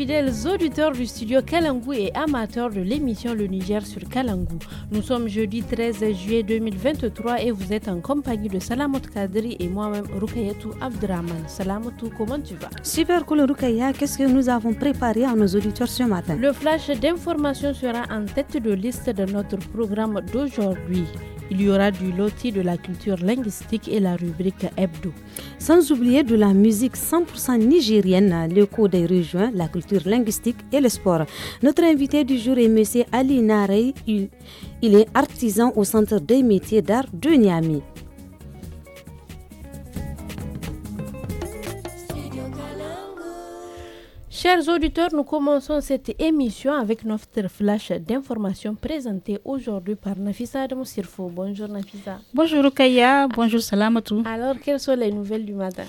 fidèles auditeurs du studio Kalangou et amateurs de l'émission Le Niger sur Kalangou. Nous sommes jeudi 13 juillet 2023 et vous êtes en compagnie de Salamot Kadri et moi-même Rukayatou Abdraman. Salamotou, comment tu vas Super cool Rukaya, qu'est-ce que nous avons préparé à nos auditeurs ce matin Le flash d'information sera en tête de liste de notre programme d'aujourd'hui. Il y aura du loti de la culture linguistique et la rubrique hebdo. Sans oublier de la musique 100% nigérienne, le code des régions, la culture linguistique et le sport. Notre invité du jour est M. Ali Narey. il est artisan au Centre des métiers d'art de Niamey. Chers auditeurs, nous commençons cette émission avec notre flash d'informations présenté aujourd'hui par Nafisa Adam Sirfo. Bonjour Nafisa. Bonjour Kaya, bonjour Salamatou. Alors, quelles sont les nouvelles du matin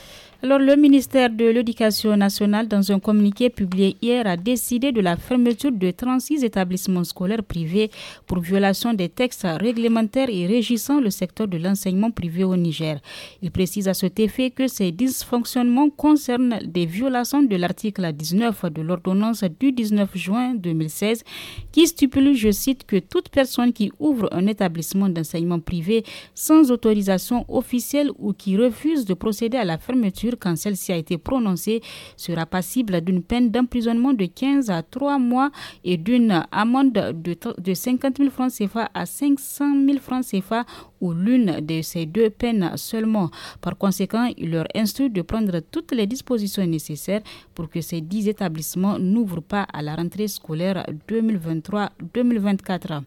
alors, le ministère de l'Éducation nationale, dans un communiqué publié hier, a décidé de la fermeture de 36 établissements scolaires privés pour violation des textes réglementaires et régissant le secteur de l'enseignement privé au Niger. Il précise à cet effet que ces dysfonctionnements concernent des violations de l'article 19 de l'ordonnance du 19 juin 2016 qui stipule, je cite, que toute personne qui ouvre un établissement d'enseignement privé sans autorisation officielle ou qui refuse de procéder à la fermeture quand celle-ci a été prononcée, sera passible d'une peine d'emprisonnement de 15 à 3 mois et d'une amende de, de 50 000 francs CFA à 500 000 francs CFA ou l'une de ces deux peines seulement. Par conséquent, il leur instruit de prendre toutes les dispositions nécessaires pour que ces 10 établissements n'ouvrent pas à la rentrée scolaire 2023-2024.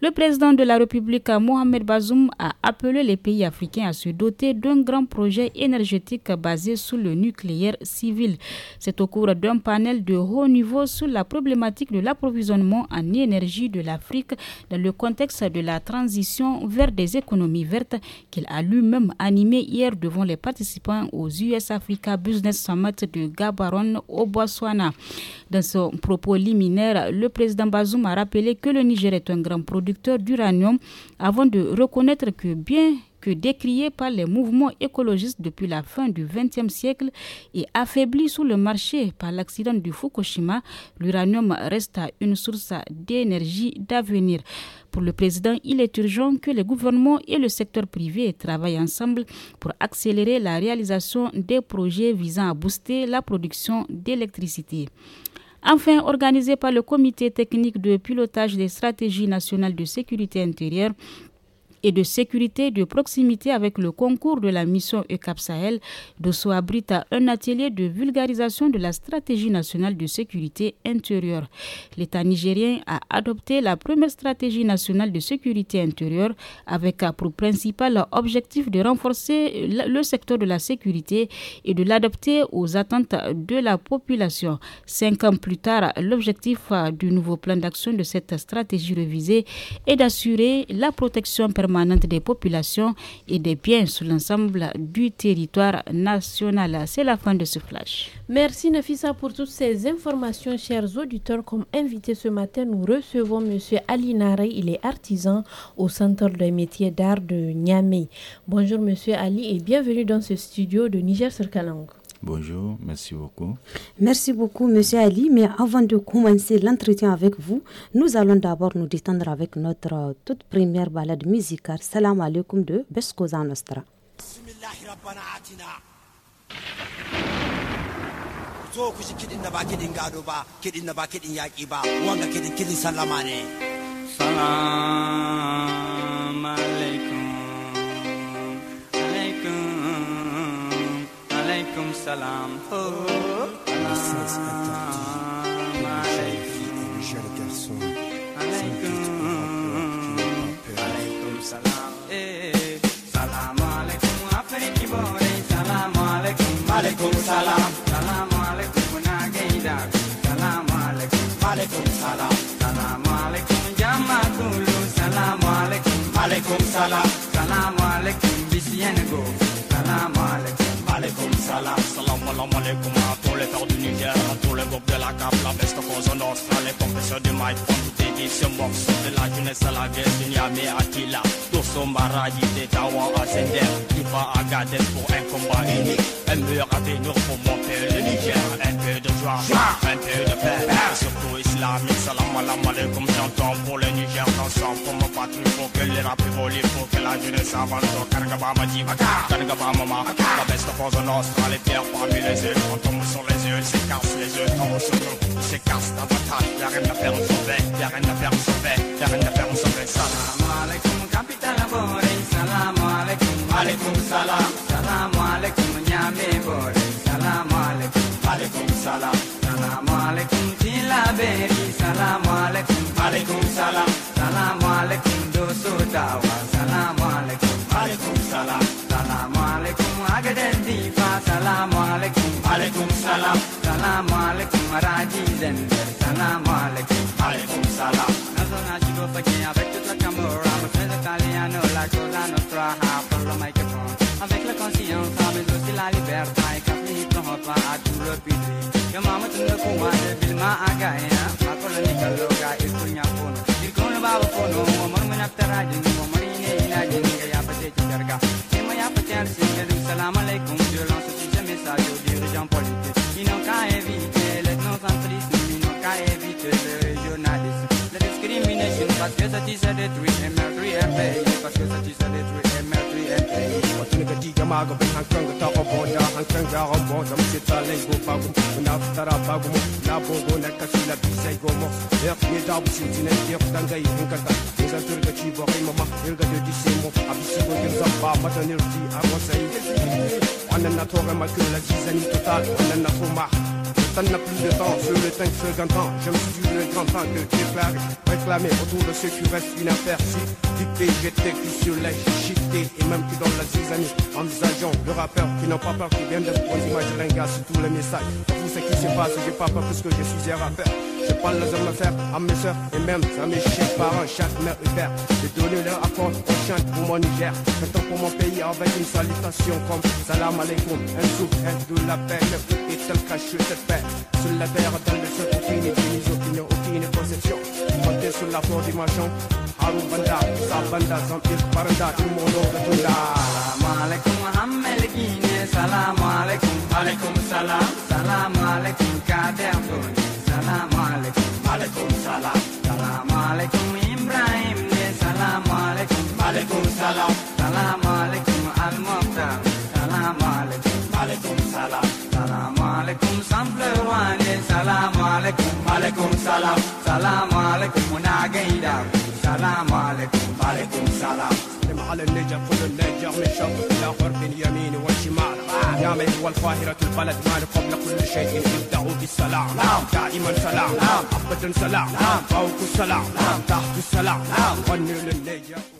Le président de la République, Mohamed Bazoum, a appelé les pays africains à se doter d'un grand projet énergétique basé sur le nucléaire civil. C'est au cours d'un panel de haut niveau sur la problématique de l'approvisionnement en énergie de l'Afrique dans le contexte de la transition vers des économies vertes qu'il a lui-même animé hier devant les participants aux US Africa Business Summit de Gabaron au Botswana. Dans son propos liminaire, le président Bazoum a rappelé que le Niger est un grand produit d'uranium avant de reconnaître que bien que décrié par les mouvements écologistes depuis la fin du XXe siècle et affaibli sous le marché par l'accident du Fukushima, l'uranium reste une source d'énergie d'avenir. Pour le président, il est urgent que le gouvernements et le secteur privé travaillent ensemble pour accélérer la réalisation des projets visant à booster la production d'électricité. Enfin, organisé par le Comité technique de pilotage des stratégies nationales de sécurité intérieure, et de sécurité de proximité avec le concours de la mission ECAP Sahel, Dosso abrite un atelier de vulgarisation de la stratégie nationale de sécurité intérieure. L'État nigérien a adopté la première stratégie nationale de sécurité intérieure avec pour principal objectif de renforcer le secteur de la sécurité et de l'adapter aux attentes de la population. Cinq ans plus tard, l'objectif du nouveau plan d'action de cette stratégie révisée est d'assurer la protection permanente des populations et des biens sur l'ensemble du territoire national. C'est la fin de ce flash. Merci Nafisa pour toutes ces informations, chers auditeurs. Comme invité ce matin, nous recevons M. Ali Nare. Il est artisan au Centre des métiers d'art de Niamey. Bonjour M. Ali et bienvenue dans ce studio de Niger sur Bonjour, merci beaucoup. Merci beaucoup, Monsieur Ali. Mais avant de commencer l'entretien avec vous, nous allons d'abord nous détendre avec notre euh, toute première balade musicale Salam alaikum de Beskoza Nostra. alaykum salam ho alaykum alaykum salam alaykum alaykum salam salam alaykum afriki bore salam alaykum alaykum salam salam alaykum na geida salam alaykum alaykum salam salam alaykum jama kulu salam alaykum alaykum salam salam alaykum bisyan go salam alaykum Salam, salam Salam alaikum à tous les salam, du Niger tous les de la CAP, la Les du De la jeunesse à la guerre, du à Tous à Sender salam, pour un combat unique Un peu de joie, un peu de paix islamique Salam alam alaikum j'entends pour le Niger ensemble Pour mon patrie faut que les rappeurs volent Faut que la jeunesse avance ma d'Iva Kargabama mama La best of the nostra Les pierres parmi les yeux Quand On tombe sur les yeux C'est casse les yeux Tombent sur nous C'est casse ta patate Y'a rien à faire on fait Y'a rien à faire on fait Y'a rien à faire on fait Salam alaikum capitaine aboré Salam alaikum Alaikum salam Salam alaikum Nyame Boré Salam alaikum Alaikum salam Salam ya baby salamu alaikum alaikum salam Salaam alaikum doso dawa salamu alaikum alaikum salam Salaam alaikum agadan difa Salaam alaikum alaikum salam Salaam alaikum raji zandar Salaam alaikum alaikum salam nazo na shigo fage avec toute la camera me fait le la cosa nostra pour le microphone avec la conscience mais aussi la liberté et on prend pas à tout le public No mama parce que ça détruit et et paye parce que ça détruit diga mago be han kanga ta o boda han kanga o boda mi se tale go pagu na tara pagu na bongo na kasula bisai go mo er ye da bu sin tine ye tan gai hin kanta ye san tur ga chi bo kai mama er ga de di se mo abi si go gen zam ba ma tanir di a go sai anan na to ga ma kula ji zani total anan na to ma ça n'a plus de temps, je le ce grand temps, je me suis le grand temps que clair, réclamé autour de ceux qui restent inaperçus, dicté, j'étais es sur la shifté, et même qui dans la zizanie, Envisageons le rappeur qui n'a pas peur, qui vient d'être une image ringarde sur tous les messages, vous ce qui se passe, j'ai pas peur parce que je suis un rappeur, je parle les hommes faire à mes soeurs et même à mes chers parents, chaque mère père, J'ai donné leur accord, on chante pour mon Niger. temps pour mon pays avec une salutation comme Salam alaikum, un souffle, un de la peine, et tel cache cette paix. Sous Sur la terre, dans le qui aucune opinions, aucune, aucune conception. Monter sur la forte dimension. Harou Banda, Sabanda, Zampir Paranda, tout mon monde. de Salam Hamel Guiné, salam alaikum, alaikum salam, salam alaikum, Kader salam alaikum, alaikum salam, salam alaikum, Ibrahim, salam alaikum, salam, salam. Salam alaikum, samplewane. Salam alaikum, alaikum salam. Salam alaikum, muna gaida. Salam alaikum, alaikum salam. سلم على النجف والنجر من شرق إلى غرب اليمين والشمال يا من هو القاهرة البلد مال قبل كل شيء يبدأ بالسلام دائما سلام أبدا سلام فوق السلام تحت السلام غني للنجف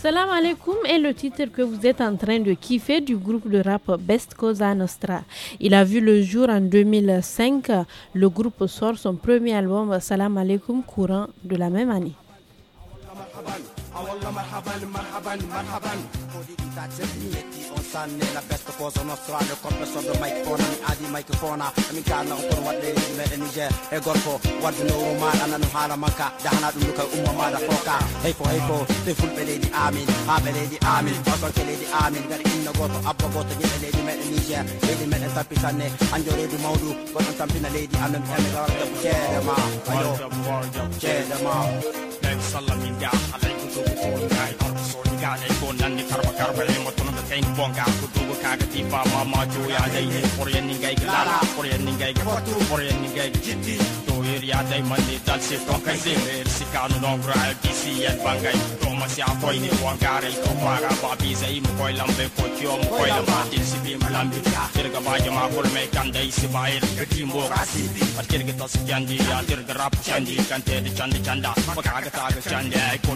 Salam alaikum est le titre que vous êtes en train de kiffer du groupe de rap Best Cosa Nostra. Il a vu le jour en 2005. Le groupe sort son premier album Salam alaikum courant de la même année. sanne la peste pose nostra le coppe sotto microfono mi adi microfono mi kana on kon wadde me e niger e gorko wadde no roma anan hala makka dum umma ma da foka hey fo hey fo ful be lady amin ha be lady amin fakon ke lady amin gar inno goto abba goto ni be lady me e niger lady me e tapi sanne anjore du mawdu goto tampina lady anan e gar da cede ma ayo cede ma ben alaykum tu ko ngai so ni ga ne ko nan ni karba karba e geen bonga Meriada e mandital se toca e zemer Si ca nu nong ral kisi et bangai Toma si apoi ni wang kare Ito para babiza i mkoi lambe potio Mkoi lamatil si bim lambi Tirga ma me kanda i si bair Gati mo rasi Ar tirga Ya rap di Ay po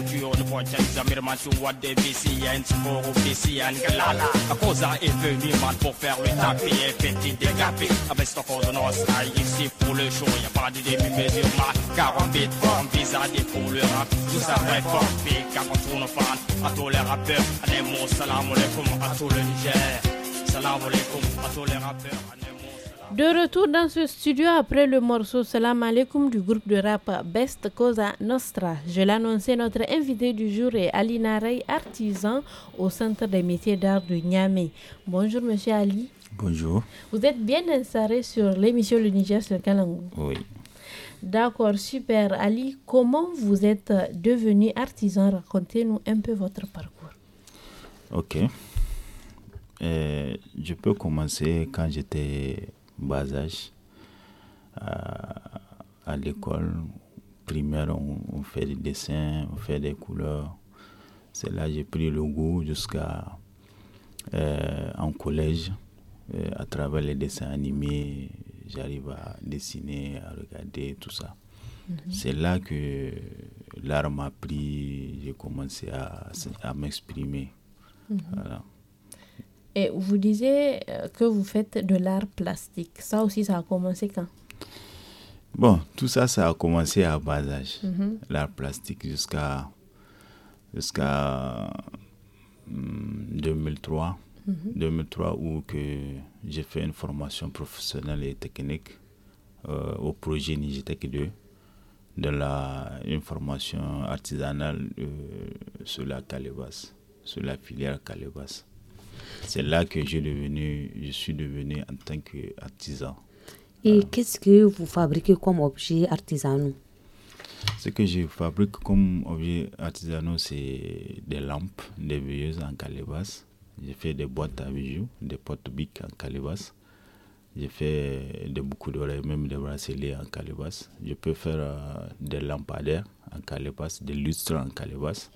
Mirman tu wade visi En si moro visi en galala A cosa est venue man pour faire le tapis Et petit dégapé sto Ici pour le show Y'a pas de 40 pour le rap Tout les de retour dans ce studio après le morceau Salam Aleikum du groupe de rap Best Cosa Nostra. Je l'annonçais, notre invité du jour est Ali Narey, artisan au Centre des métiers d'art de Niamey. Bonjour Monsieur Ali. Bonjour. Vous êtes bien installé sur l'émission Le Niger sur Kalangou. Oui. D'accord, super. Ali, comment vous êtes devenu artisan Racontez-nous un peu votre parcours. Ok. Euh, je peux commencer quand j'étais bas âge. Euh, à, l'école primaire, on, fait des dessins, on fait des couleurs. C'est là que j'ai pris le goût jusqu'à euh, en collège, à travers les dessins animés, j'arrive à dessiner, à regarder, tout ça. Mhm. C'est là que l'art m'a pris, j'ai commencé à, à m'exprimer. Mhm. Et vous disiez euh, que vous faites de l'art plastique. Ça aussi, ça a commencé quand Bon, tout ça, ça a commencé à bas âge. Mhm. L'art plastique jusqu'à jusqu'à 2003. Hmm, 2003 où j'ai fait une formation professionnelle et technique euh, au projet Nigitech 2 de la une formation artisanale euh, sur la calebasse, sur la filière calebasse. C'est là que devenu, je suis devenu en tant qu'artisan. Et euh, qu'est-ce que vous fabriquez comme objet artisanal Ce que je fabrique comme objet artisanaux, c'est des lampes, des veilleuses en calebasse, j'ai fait des boîtes à bijoux, des potes bic en calibas. J'ai fait de beaucoup d'oreilles, même des bracelets en calibas. Je peux faire euh, des lampadaires en calibas, des lustres en calibas.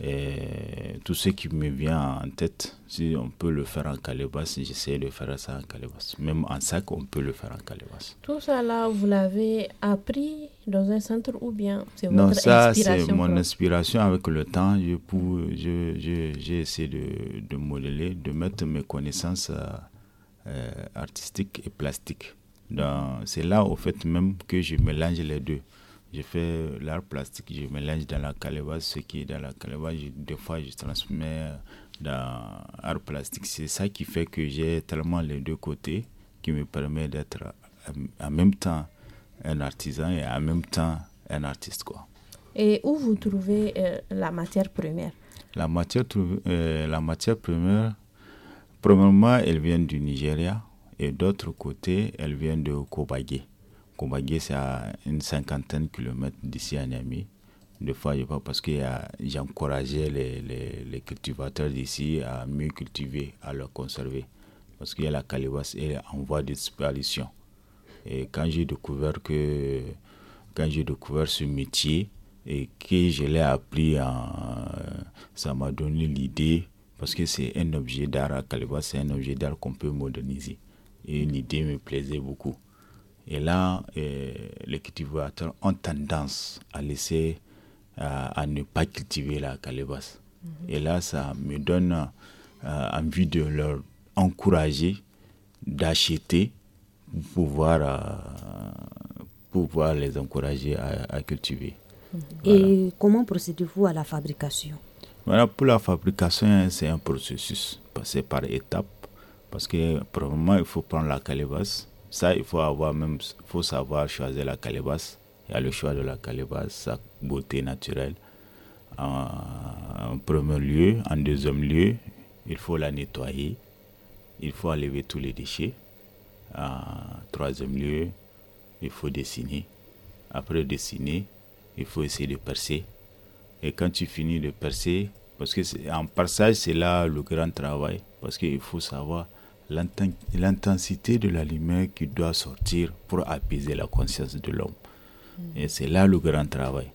Et tout ce qui me vient en tête, si on peut le faire en calebasse, j'essaie de faire ça en calebasse. Même en sac, on peut le faire en calebasse. Tout ça là, vous l'avez appris dans un centre ou bien c'est votre Non, ça c'est mon inspiration avec le temps. J'ai je, je, j'ai essayé de, de, modeler, de mettre mes connaissances euh, euh, artistiques et plastiques. C'est là, au fait, même que je mélange les deux. Je fais l'art plastique, je mélange dans la calebasse ce qui est dans la calebasse. des fois, je transmets dans l'art plastique. C'est ça qui fait que j'ai tellement les deux côtés qui me permet d'être en même temps un artisan et en même temps un artiste. Quoi. Et où vous trouvez euh, la matière première la matière, euh, la matière première, premièrement, elle vient du Nigeria et d'autre côté, elle vient de Kobagué. Kobagé, c'est à une cinquantaine de kilomètres d'ici à Niami. Des fois, je pas parce que j'encourageais les, les, les, cultivateurs d'ici à mieux cultiver, à le conserver. Parce que la calebasse est en voie de disparition. Et quand j'ai découvert que quand j'ai découvert ce métier et que je l'ai appris, ça m'a donné l'idée parce que c'est un objet d'art à Calebasse, c'est un objet d'art qu'on peut moderniser. Et l'idée me plaisait beaucoup. Et là, euh, les cultivateurs ont tendance à laisser, euh, à ne pas cultiver la calebasse. Mhm. Et là, ça me donne euh, envie de leur encourager d'acheter pour pouvoir, pouvoir les encourager à, cultiver. Mhm. Et comment procédez-vous à la fabrication voilà, Pour la fabrication, c'est un processus, passé par étapes. Parce que, probablement, il faut prendre la calebasse ça, il faut avoir même, faut savoir choisir la calebasse. Il y a le choix de la calebasse, sa beauté naturelle. En, premier lieu, en deuxième lieu, il faut la nettoyer. Il faut enlever tous les déchets. En troisième lieu, il faut dessiner. Après dessiner, il faut essayer de percer. Et quand tu finis de percer, parce que en perçage, c'est là le grand travail. Parce qu'il faut savoir l'intensité de la lumière qui doit sortir pour apaiser la conscience de l'homme. Mm. Et c'est là le grand travail.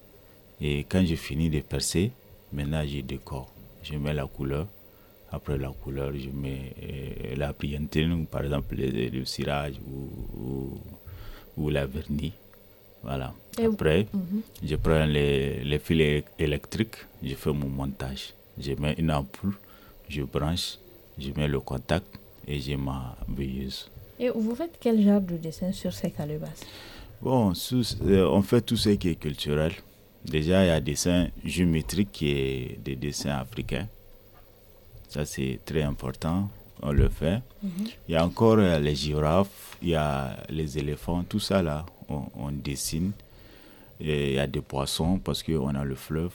Et quand j'ai fini de percer, maintenant j'ai corps. Je mets la couleur. Après la couleur, je mets euh, la brillantine, par exemple le, cirage ou, ou, la vernis. Voilà. Après, mhm. je prends les, les fils électriques, je fais mon montage. Je mets une ampoule, je branche, je mets le contact et j'ai ma veilleuse. Et vous faites quel genre de dessin sur ces calebasses Bon, euh, on fait tout ce qui est culturel. Déjà, il y a des dessins géométriques qui est des dessins africains. Ça, c'est très important. On le fait. Mhm. Il y a encore euh, les girafes, il y a les éléphants, tout ça là, on, dessine. Et il y a des poissons parce qu'on a le fleuve,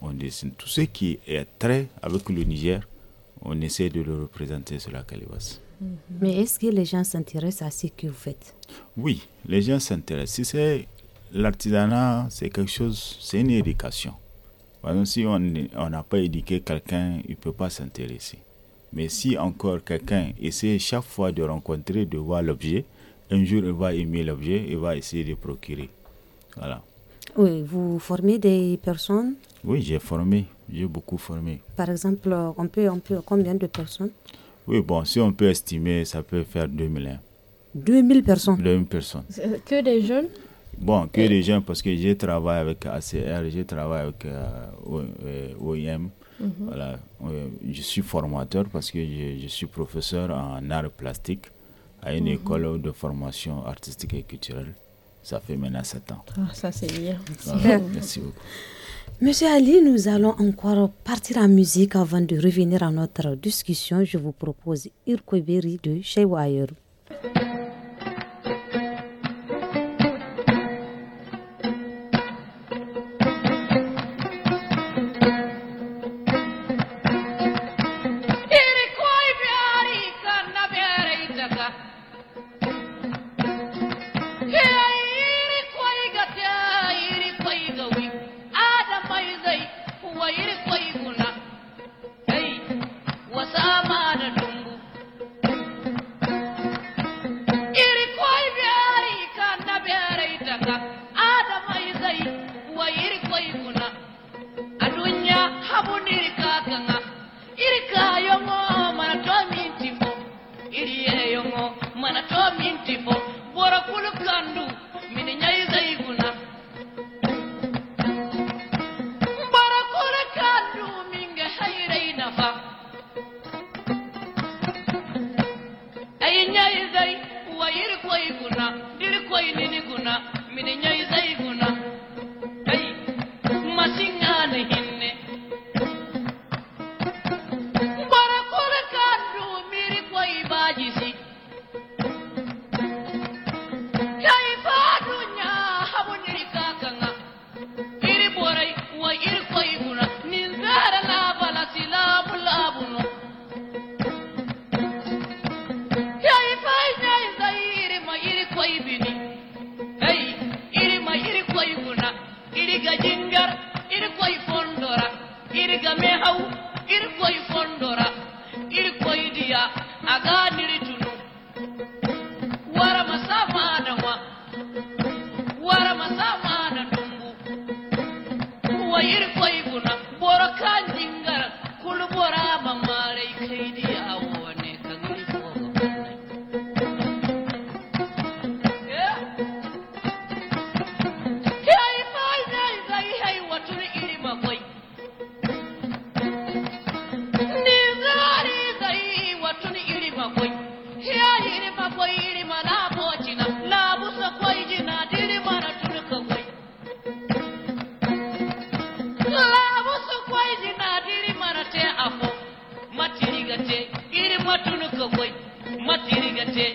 on dessine. Tout ce qui est très avec le Niger, on essaie de le représenter sur la calebasse. Mm-hmm. Mais est-ce que les gens s'intéressent à ce que vous faites Oui, les gens s'intéressent. c'est l'artisanat, c'est quelque chose, c'est une éducation. Par exemple, si on n'a pas éduqué quelqu'un, il ne peut pas s'intéresser. Mais si encore quelqu'un essaie chaque fois de rencontrer, de voir l'objet, un jour il va aimer l'objet, il va essayer de procurer. Voilà. Oui, vous formez des personnes Oui, j'ai formé, j'ai beaucoup formé. Par exemple, on peut, combien de personnes Oui, bon, si on peut estimer, ça peut faire 2000. 2000 personnes 2000 personnes. Euh, que des jeunes Bon, que des jeunes, parce que j'ai travaillé avec ACR, j'ai travaillé avec euh, euh, mhm. OIM. je suis formateur parce que je, suis professeur en arts plastiques à une mhm. école de formation artistique et culturelle. Ça fait maintenant sept ans. Ah, ça, c'est bien. Merci beaucoup. Monsieur Ali, nous allons encore partir en musique avant de revenir à notre discussion. Je vous propose Irkoberi de Wire. tipo ဝိတ်မတ်တီရီကတဲ့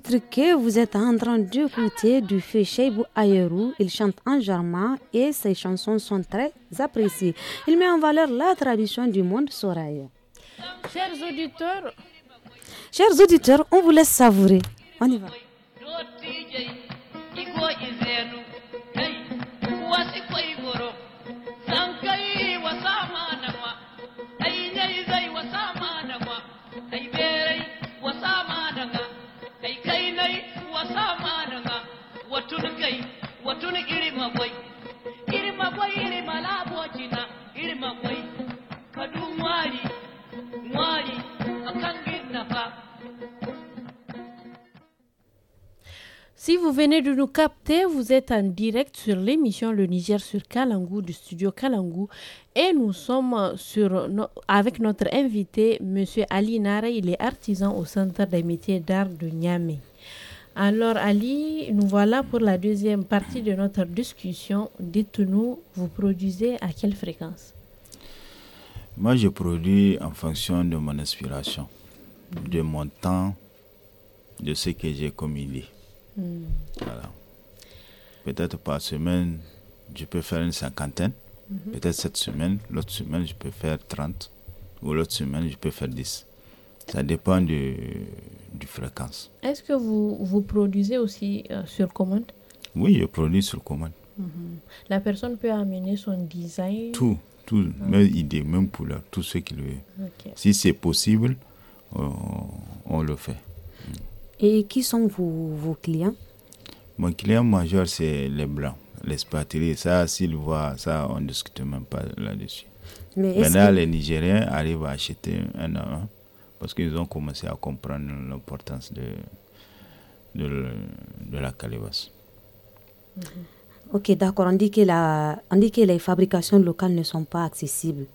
que vous êtes en train d'écouter du feu Sheibu Ayerou. Il chante en germain et ses chansons sont très appréciées. Il met en valeur la tradition du monde Soraya. Chers auditeurs, chers auditeurs, on vous laisse savourer. On y va. Si vous venez de nous capter, vous êtes en direct sur l'émission Le Niger sur Kalangou du studio Kalangou et nous sommes sur, avec notre invité, M. Ali Nare. Il est artisan au Centre des métiers d'art de Niamey. Alors Ali, nous voilà pour la deuxième partie de notre discussion. Dites-nous, vous produisez à quelle fréquence Moi, je produis en fonction de mon inspiration, de mon temps, de ce que j'ai commis. Hmm. Peut-être par semaine, je peux faire une cinquantaine. Mhm. Peut-être cette semaine, l'autre semaine, je peux faire trente. Ou l'autre semaine, je peux faire dix. Ça dépend de, du fréquence. Est-ce que vous, vous produisez aussi euh, sur commande Oui, je produis sur commande. Mm-hmm. La personne peut amener son design Tout, tout, ah. même idée, même couleur, tout ce qu'il veut. Si c'est possible, on, euh, on, le fait. Et qui sont vos, vos clients Mon client majeur, c'est les blancs, les spatéries. Ça, s'ils voient, ça, on ne discute même pas là-dessus. Maintenant, les Nigériens arrivent à acheter un à un parce qu'ils ont commencé à comprendre l'importance de, de, la calebasse. Mhm. Ok, d'accord. On, dit que les fabrications locales ne sont pas accessibles.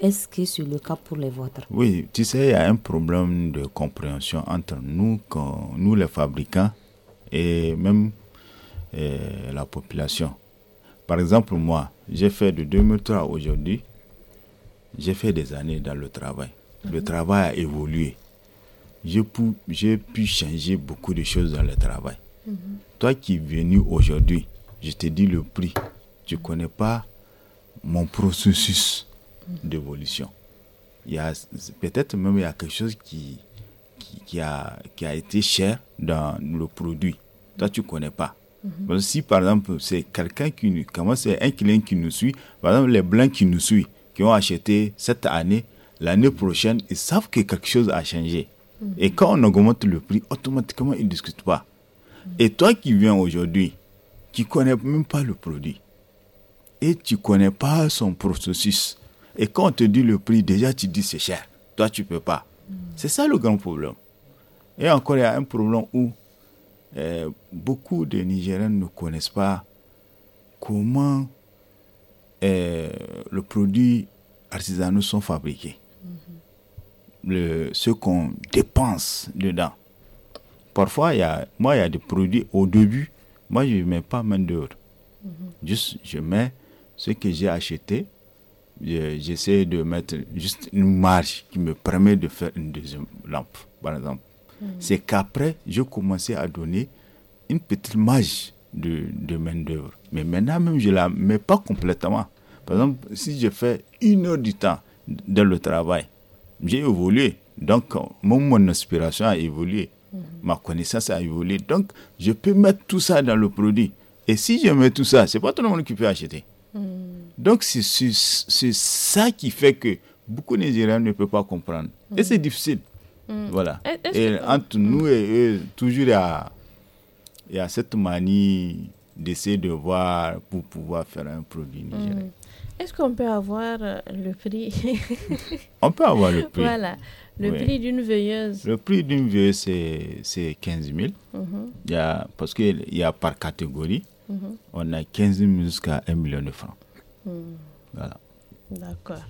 Est-ce que c'est le cas pour les vôtres Oui, tu sais, il y a un problème de compréhension entre nous, nous les fabricants, et même la population. Par exemple, moi, j'ai fait de 2003 aujourd'hui, j'ai fait des années dans le travail. Le travail a évolué. J'ai pu, changer beaucoup de choses dans le travail. Mhm. Toi qui es venu aujourd'hui, je te dis le prix. Tu ne connais pas mon processus mhm. d'évolution. Il a peut-être même il y a quelque chose qui, qui, a, qui a été cher dans le produit. Toi, tu ne connais pas. Mhm. Si par exemple, c'est quelqu'un qui nous, comment c'est un client qui nous suit, par exemple, les blancs qui nous suivent, qui ont acheté cette année, l'année prochaine, ils savent que quelque chose a changé. Mhm. Et quand on augmente le prix, automatiquement, ils ne discutent pas. Mhm. Et toi qui viens aujourd'hui, qui ne connais même pas le produit, et tu ne connais pas son processus, et quand on te dit le prix, déjà tu dis c'est cher. Toi, tu ne peux pas. Mhm. C'est ça le grand problème. Et encore, il y a un problème où eh, beaucoup de Nigériens ne connaissent pas comment euh, le produit artisanaux sont fabriqués le, ce qu'on dépense dedans. Parfois, y a, moi, il y a des produits au début, moi, je ne mets pas main dehors. Mhm. Juste, je mets ce que j'ai acheté, j'essaie de mettre juste une marge qui me permet de faire une deuxième lampe, par exemple. Mhm. C'est qu'après, je commençais à donner une petite marge de, de main-d'œuvre. Mais maintenant, même, je ne la mets pas complètement. Par exemple, si je fais une heure du temps, dans le travail. J'ai évolué. Donc, mon, mon inspiration a évolué. Mhm. Ma connaissance a évolué. Donc, je peux mettre tout ça dans le produit. Et si je mets tout ça, c'est pas tout le monde qui peut acheter. Mhm. Donc, c'est ça qui fait que beaucoup de Nigériens ne peuvent pas comprendre. Et c'est mhm. difficile. Voilà. Et, entre nous et eux, toujours il y, il y a cette manie d'essayer de voir pour pouvoir faire un produit nigérien. Est-ce qu'on peut avoir euh, le prix On peut avoir le prix. Voilà, le prix d'une veilleuse. Le prix d'une veilleuse, c'est 15 000. Mhm. il y a, parce qu'il y a par catégorie, mhm. on a 15 000 jusqu'à 1 million de francs. Mhm. Voilà. D'accord.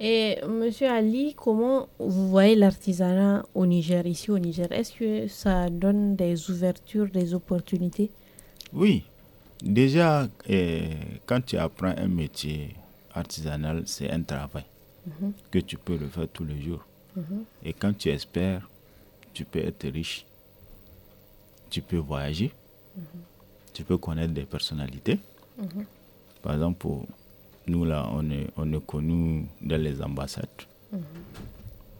Et Monsieur Ali, comment vous voyez l'artisanat au Niger, ici au Niger Est-ce que ça donne des ouvertures, des opportunités Oui, Déjà, eh, quand tu apprends un métier artisanal, c'est un travail mhm. que tu peux le faire tous les jours. Mhm. Et quand tu espères, tu peux être riche, tu peux voyager, mhm. tu peux connaître des personnalités. Par exemple, nous, là, on est, on est connus dans les ambassades.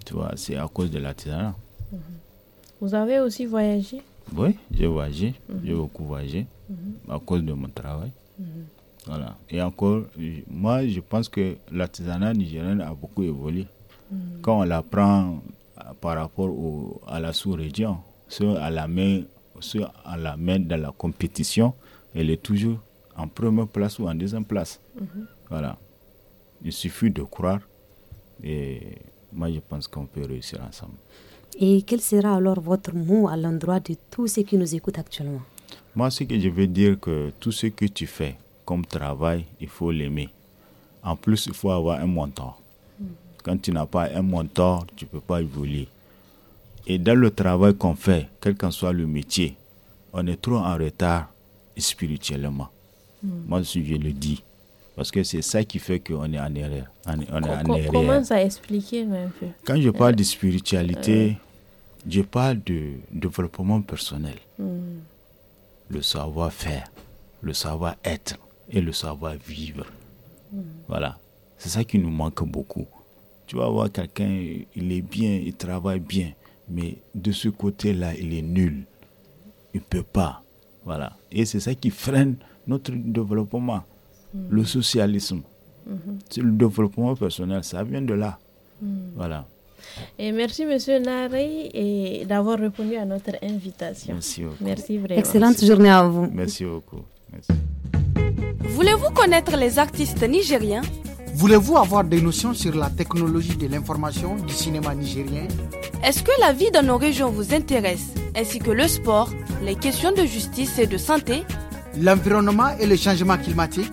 Tu vois, c'est à cause de l'artisanat. Vous avez aussi voyagé Oui, j'ai voyagé, j'ai beaucoup voyagé à cause de mon travail. Voilà. Et encore, moi, je pense que l'artisanat nigérien a beaucoup évolué. Quand on la prend euh, par rapport à la sous-région, ceux à la main, à la main dans la compétition, elle est toujours en première place ou en deuxième place. Voilà. Il suffit de croire et moi je pense qu'on peut réussir ensemble. Et quel sera alors votre mot à l'endroit de tous ceux qui nous écoutent actuellement moi, ce que je veux dire, que tout ce que tu fais comme travail, il faut l'aimer. En plus, il faut avoir un mentor. Quand tu n'as pas un mentor, tu ne peux pas évoluer. Et dans le travail qu'on fait, quel qu'en soit le métier, on est trop en retard spirituellement. Hmm. Moi aussi, je le dis. Parce que c'est ça qui fait qu'on est en erreur. On, est en erreur. Comment ça expliquer même? Quand je parle euh, de spiritualité, euh. je parle de développement personnel. Hmm le savoir-faire, le savoir-être et le savoir-vivre. Voilà. C'est ça qui nous manque beaucoup. Tu vas voir quelqu'un, il est bien, il travaille bien, mais de ce côté-là, il est nul. Il ne peut pas. Voilà. Et c'est ça qui freine notre développement. Le socialisme. Mhm. Le développement personnel, ça vient de là. Mhm. Voilà merci, Monsieur Narey, d'avoir répondu à notre invitation. Merci beaucoup. vraiment. Excellente journée à vous. Merci beaucoup. Voulez-vous connaître les artistes nigériens Voulez-vous avoir des notions sur la technologie de l'information du cinéma nigérien Est-ce que la vie dans nos régions vous intéresse, ainsi que le sport, les questions de justice et de santé L'environnement et le changement climatique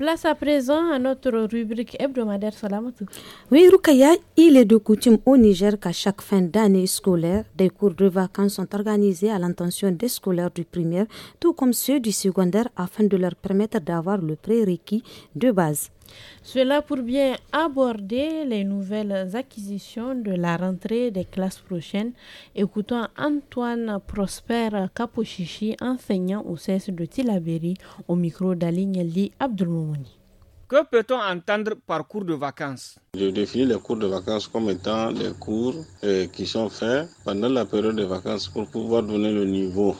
Place à présent à notre rubrique hebdomadaire Salamatou. Oui, Rukaya, il est de coutume au Niger qu'à chaque fin d'année scolaire, des cours de vacances sont organisés à l'intention des scolaires du primaire, tout comme ceux du secondaire, afin de leur permettre d'avoir le prérequis de base. Cela pour bien aborder les nouvelles acquisitions de la rentrée des classes prochaines, écoutons Antoine Prosper Kapochichi, enseignant au CES de Tilaberi, au micro d'Aligne Li Que peut-on entendre par cours de vacances Je définis les cours de vacances comme étant les cours eh, qui sont faits pendant la période de vacances pour pouvoir donner le niveau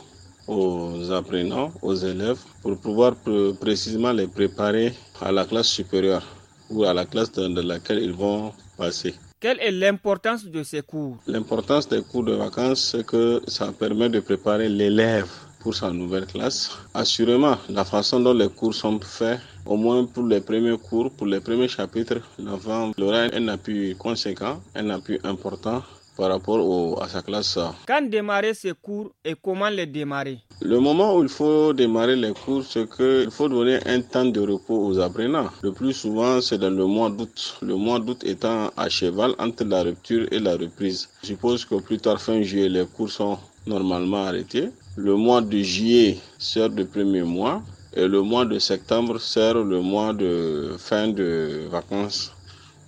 aux apprenants, aux élèves, pour pouvoir précisément les préparer à la classe supérieure ou à la classe dans laquelle ils vont passer. Quelle est l'importance de ces cours L'importance des cours de vacances, c'est que ça permet de préparer l'élève pour sa nouvelle classe. Assurément, la façon dont les cours sont faits, au moins pour les premiers cours, pour les premiers chapitres, l'enfant aura un appui conséquent, un appui important par rapport à sa classe. Quand démarrer ses cours et comment les démarrer Le moment où il faut démarrer les cours, c'est qu'il faut donner un temps de repos aux apprenants. Le plus souvent, c'est dans le mois d'août. Le mois d'août étant à cheval entre la rupture et la reprise. Je suppose que plus tard, fin juillet, les cours sont normalement arrêtés. Le mois de juillet sert de premier mois et le mois de septembre sert le mois de fin de vacances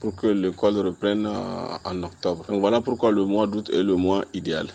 pour que l'école reprenne euh, en octobre. Donc voilà pourquoi le mois d'août est le mois idéal.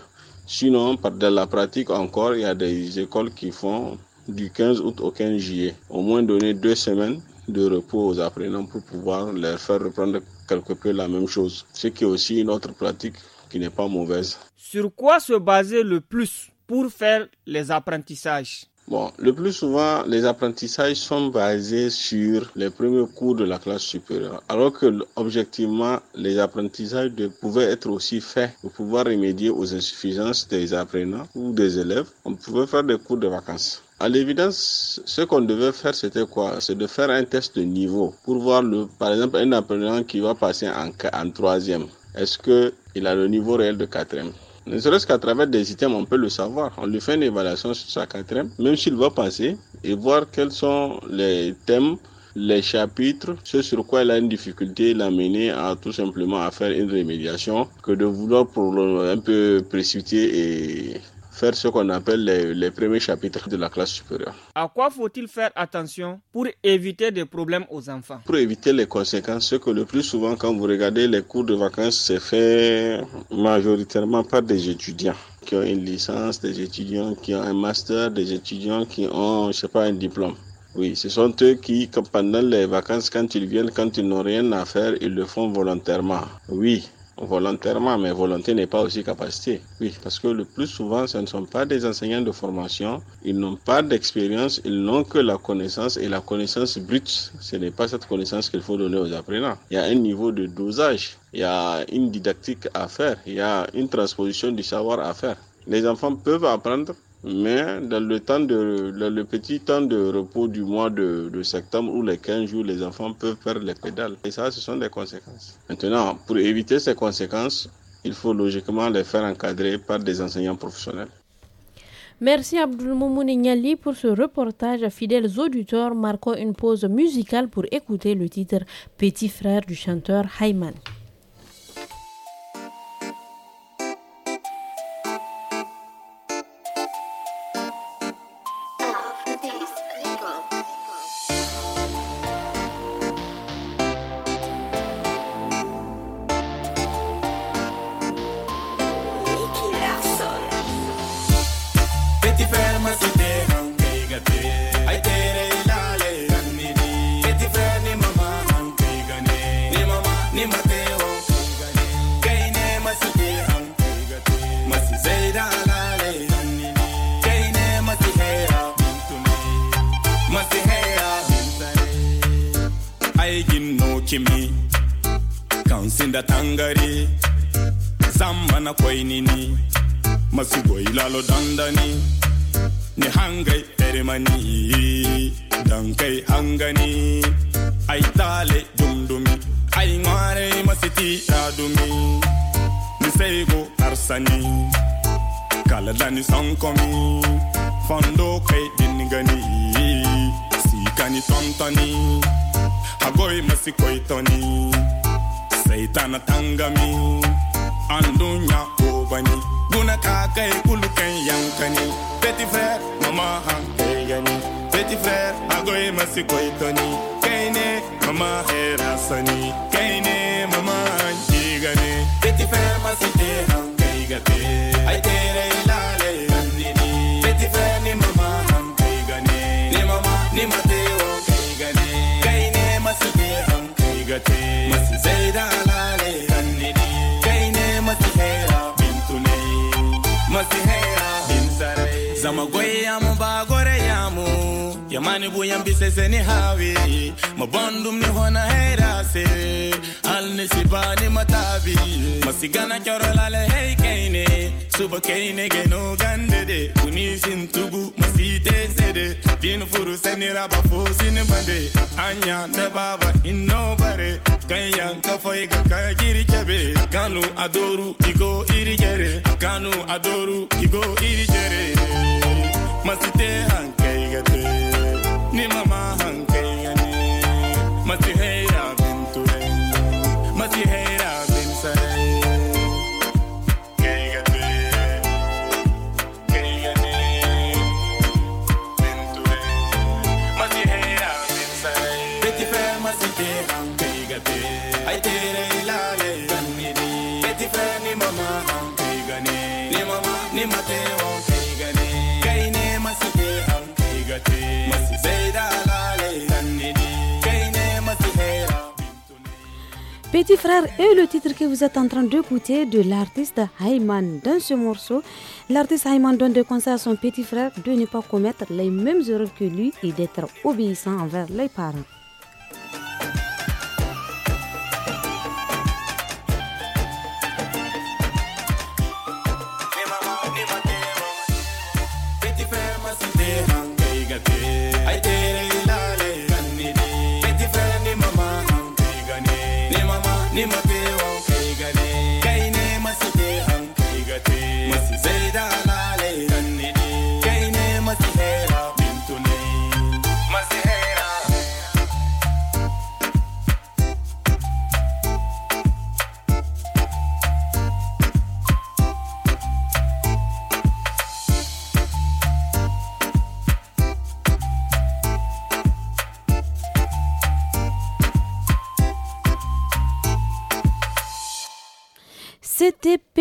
Sinon, par la pratique encore, il y a des écoles qui font du 15 août au 15 juillet. Au moins donner deux semaines de repos aux apprenants pour pouvoir les faire reprendre quelque peu la même chose. Ce qui est aussi une autre pratique qui n'est pas mauvaise. Sur quoi se baser le plus pour faire les apprentissages Bon, le plus souvent, les apprentissages sont basés sur les premiers cours de la classe supérieure, alors que objectivement, les apprentissages pouvaient être aussi faits pour pouvoir remédier aux insuffisances des apprenants ou des élèves. On pouvait faire des cours de vacances. À l'évidence, ce qu'on devait faire, c'était quoi C'est de faire un test de niveau pour voir, le, par exemple, un apprenant qui va passer en, en troisième. Est-ce qu'il a le niveau réel de quatrième ne serait-ce qu'à travers des items, on peut le savoir. On lui fait une évaluation sur sa quatrième, même s'il va passer et voir quels sont les thèmes les chapitres, ce sur quoi il a une difficulté, l'amener à tout simplement à faire une rémédiation que de vouloir pour un peu précipiter et faire ce qu'on appelle les, premiers chapitres de la classe supérieure. À quoi faut-il faire attention pour éviter des problèmes aux enfants Pour éviter les conséquences, ce que le plus souvent quand vous regardez les cours de vacances, c'est fait majoritairement par des étudiants qui ont une licence, des étudiants qui ont un master, des étudiants qui ont, je sais pas, un diplôme. Oui, ce sont eux qui, pendant les vacances, quand ils viennent, quand ils n'ont rien à faire, ils le font volontairement. Oui, volontairement, mais volonté n'est pas aussi capacité. Oui, parce que le plus souvent, ce ne sont pas des enseignants de formation, ils n'ont pas d'expérience, ils n'ont que la connaissance et la connaissance brute. Ce n'est pas cette connaissance qu'il faut donner aux apprenants. Il y a un niveau de dosage, il y a une didactique à faire, il y a une transposition du savoir à faire. Les enfants peuvent apprendre, mais dans le, temps de, le petit temps de repos du mois de, septembre ou les 15 jours, les enfants peuvent perdre les pédales. Et ça, ce sont des conséquences. Maintenant, pour éviter ces conséquences, il faut logiquement les faire encadrer par des enseignants professionnels. Merci Abdul Niali pour ce reportage. Fidèles auditeurs, marquons une pause musicale pour écouter le titre Petit frère du chanteur Hayman. zamba na koinini masugo ilalo dandani ni hangai eremani dankai hangani aitale dumdumi ai ngware masiti adumi ni seigo arsani kala dani sonkomi fondo kai dinigani sikani tontoni hagoi masikoitoni seitana tangami an dunya ko bani guna ka kai kulkan yankani petit frère mama han yani petit frère agoy masi koy toni kaine mama hera sani kaine mama an gane petit frère masi te han kai gate ai tere lale andini petit frère ni mama han kai gane ni mama ni mateo kai gane kaine masi te han kai gate masi zaida sihera zamagoye yamu bagore yamu yamani buya mbisese ni hawi mabondum niho naherase alnisibani matabi masigana kyorolale hey keine suba keine geno gandede unisin tugu masitesede din furu senira bafusini bande anya ne baba innobare ganyan kafoy ga kajiri galu adoru igo irigere kanu adoru igo irijere Petit frère est le titre que vous êtes en train d'écouter de l'artiste Hayman. Dans ce morceau, l'artiste Hayman donne des conseils à son petit frère de ne pas commettre les mêmes erreurs que lui et d'être obéissant envers les parents. Ni ma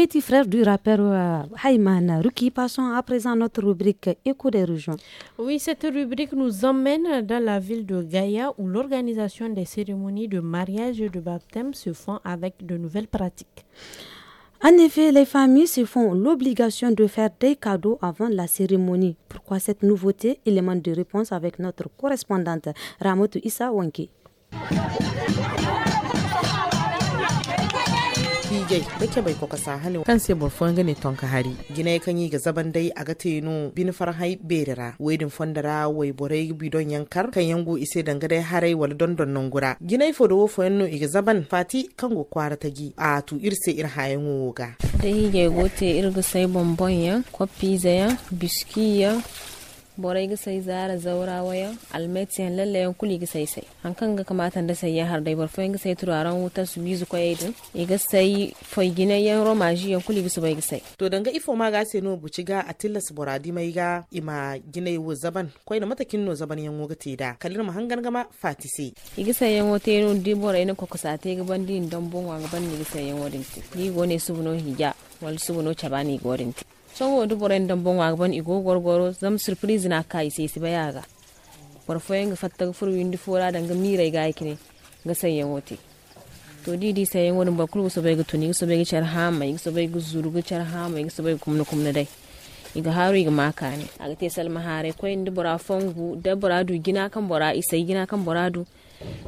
petit frère du rappeur euh, Haïman Ruki. Passons à présent à notre rubrique Écho des régions. Oui, cette rubrique nous emmène dans la ville de Gaïa où l'organisation des cérémonies de mariage et de baptême se font avec de nouvelles pratiques. En effet, les familles se font l'obligation de faire des cadeaux avant la cérémonie. Pourquoi cette nouveauté Élément de réponse avec notre correspondante Ramoto Issa Wanki. hijai dake bai sa sahalo kan se burfon gane tonka hari gina kan yi ga zaban dai a gate no bin farhai berira wedin fondara wai borai bidon yankar kan yango ise dangare harai wal dondon nan gura gina fo do fo enno iga zaban fati kan go kwara tagi a tu irse ir hayan woga yi hijai gote irga sai bonbon ya kwafi zaya biski borai sai zara zaura wayan lalle lallayan kuli ga sai an kan ga kamata da sai ya har dai barfoyin sai turaren wuta su bizu ko din e sai foi gina yan roma ji yan kuli su bai sai to danga ifo ma ga sai no buci ga atilas boradi mai ga ima gine yi zaban koi na matakin no zaban yan woga te da kallir mu hangan gama fatisi e sai yan wote no di borai ne kokosa te ga bandin don bonwa ga bandi sai yan wodin ni gone su no hija wal su no chabani ti songo du boren dan bon waga ban igo gorgoro zam surprise na kai sai si bayaga barfo yanga fatta furu windi fora gami rai ga kine ga sayen wote to di di sayen wani ba kulu so bai ga tuni so bai ga char hama yi so bai ga zuru ga char hama yi so bai kumna kumna dai iga haru iga maka ne aga te salma mahare ko indi bora fongu da bora du gina kan bora isai gina kan bora du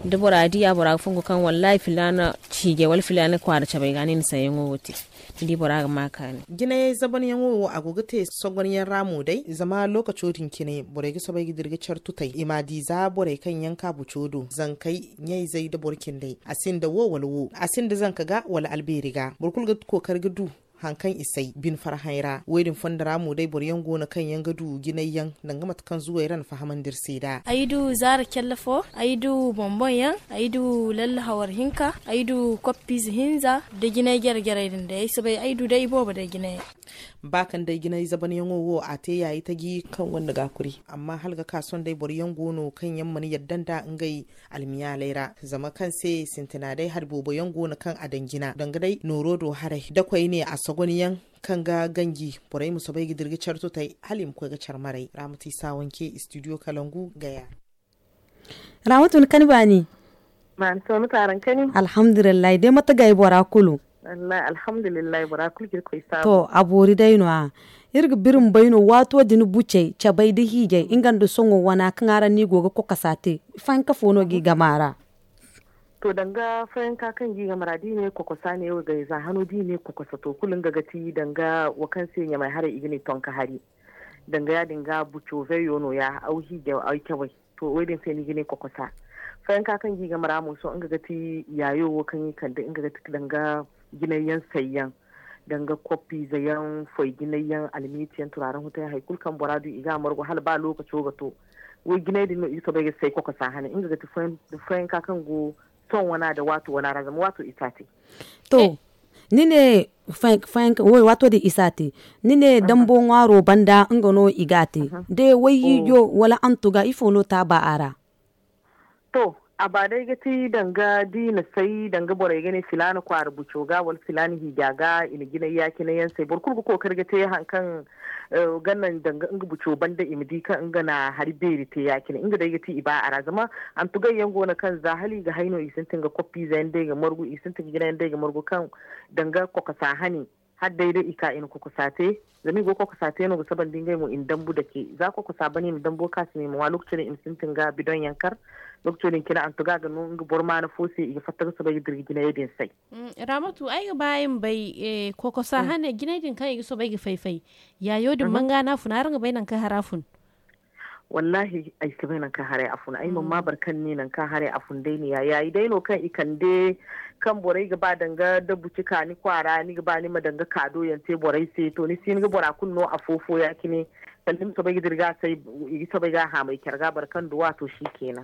da bora diya bora fongu kan wallahi filana cige wal filana kwara chabai ganin sayen wote ndi ga maka ne. gina yi zaban yan wo agogo te sogon yan ramu dai zama lokacin kine bore gi sobai gidirgi chartu ima imadi za bore kan yanka bucodo zan kai nyai zai da burkin dai asin da wo walwo asin da zan kaga wal alberiga burkul ga kokar gidu hankan isai bin farhaira wedin fondara mu dai buryan gona kan yanga du ginayyan nan gama kan zuwa ran fahaman da aidu zara kyallafo aidu bombon yan aidu lallahawar hinka aidu koppiz hinza da ginai gergere din da yayi sabai aidu dai boba da ginai bakan dai gina zaban yan owo a te yayi ta gi kan wanda gakuri. amma halga kason dai bari yan gono kan yan mani yaddan da in gai almiya laira zama kan sai sintina dai har bobo yan gono kan adangina dangadai do hare dakwai ne a yan kan ga gangi burai musu bai gidirgi carto tai halim ko ga carmarai ramuti sawanke studio kalangu gaya ramatun kanibani ma'an so taron kani alhamdulillah dai mata gai bora kulu Allah alhamdulillah bara to abori dai no a irga birin bayno wato dinu buce cha bai da hije ingan do songo wana kangara ni goga ko kasate fan ka fono gi gamara to danga fan ka kan gi gamara di ne ko kosa ne yau ga za hanu di ne ko kosa to kulun ga gati danga wakan se nya mai hare igini ton ka hari danga ya dinga buco veyo no ya auhi ga auke wai to wai din sai ni gine ko kosa fan ka kan gi gamara mu so in ga gati yayo wakan yi kan da in ga gati danga ginayen sayyan ganga kopi zayen fai ginayen almitiyan turaren hutai haikul kan boradu iga margo hal ba lokaci ga to wai ginai din yi to bai sai koka sahana inda ga tufayin kakan go son wana da wato wana razam wato isati to eh. ni ne fank wai wato da isati ni ne dambo ngwaro banda ingano igati de wai yi oh. yo wala antuga ifo no ta ba ara to a ga ti danga dina sai danga borai gane filani kwa rubuco ga wal filani higaga ina gina yaki na yan sai burkur ko karga yi hankan eh, gannan danga inga buco banda imidi kan inga na harberi te yaki inga da ti iba a razama an tuga yan gona kan zahali ga haino isin tinga kopi zain dai ga margu isin tinga gina dai ga margu kan danga kokasa hani har daidai ika in kokasa te zami go kokasa te no saban dingai mu in dambu dake za kokasa bane mu dambo kasu ne mu wa lokacin in sun bidon yankar lokacin kina an tuga ga nunga burma na fosi iga fattaga saba iga dirgi gina yadin sai mm, ramatu ai ga bayan bai eh, koko sa mm. hana gina yadin kan iga saba iga faifai ya yodin mhm. manga na funa ga bainan ka harafun wallahi ai ka bainan ka hare afun ai mamma mm. barkan ni nan ka hare afun dai ne ya yayi dai no kan ikan de kan borai ga ba danga da buci ka ni kwara ni ga ba ni madanga kado yance borai sai to ni sin ga bora kunno afofo ya kine sannin saba iga dirga sai iga saba iga ha mai kyarga barkan duwa to shikenan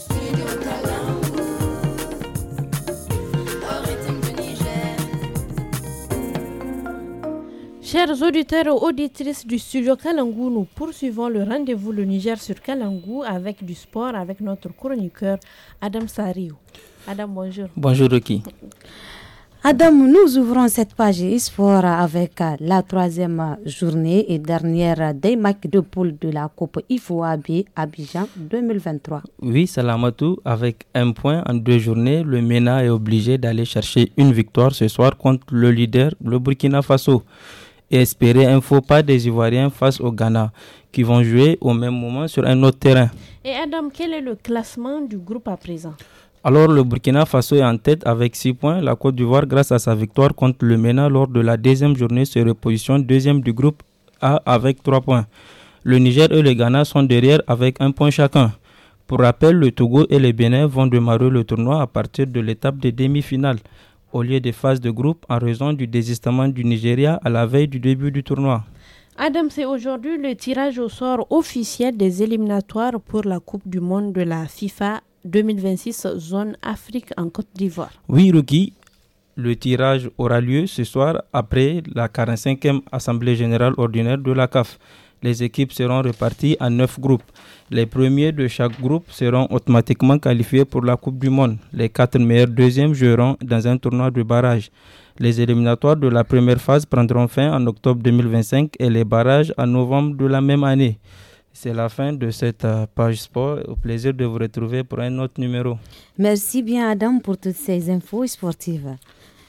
Chers auditeurs et auditrices du studio Kalangou, nous poursuivons le rendez-vous Le Niger sur Kalangou avec du sport avec notre chroniqueur Adam Sariou. Adam, bonjour. Bonjour, Ruki. Adam, nous ouvrons cette page e-sport avec la troisième journée et dernière des matchs de poule de la Coupe IFOAB Abidjan 2023. Oui, Salamatou, avec un point en deux journées, le MENA est obligé d'aller chercher une victoire ce soir contre le leader, le Burkina Faso et espérer un faux pas des Ivoiriens face au Ghana, qui vont jouer au même moment sur un autre terrain. Et Adam, quel est le classement du groupe à présent alors le Burkina Faso est en tête avec 6 points. La Côte d'Ivoire, grâce à sa victoire contre le MENA lors de la deuxième journée, se repositionne deuxième du groupe A avec 3 points. Le Niger et le Ghana sont derrière avec un point chacun. Pour rappel, le Togo et le Bénin vont démarrer le tournoi à partir de l'étape des demi-finales au lieu des phases de groupe en raison du désistement du Nigeria à la veille du début du tournoi. Adam, c'est aujourd'hui le tirage au sort officiel des éliminatoires pour la Coupe du Monde de la FIFA 2026 Zone Afrique en Côte d'Ivoire. Oui, Ruki, le tirage aura lieu ce soir après la 45e Assemblée générale ordinaire de la CAF les équipes seront réparties en neuf groupes. Les premiers de chaque groupe seront automatiquement qualifiés pour la Coupe du Monde. Les quatre meilleurs deuxièmes joueront dans un tournoi de barrage. Les éliminatoires de la première phase prendront fin en octobre 2025 et les barrages en novembre de la même année. C'est la fin de cette euh, page sport. Au plaisir de vous retrouver pour un autre numéro. Merci bien Adam pour toutes ces infos sportives.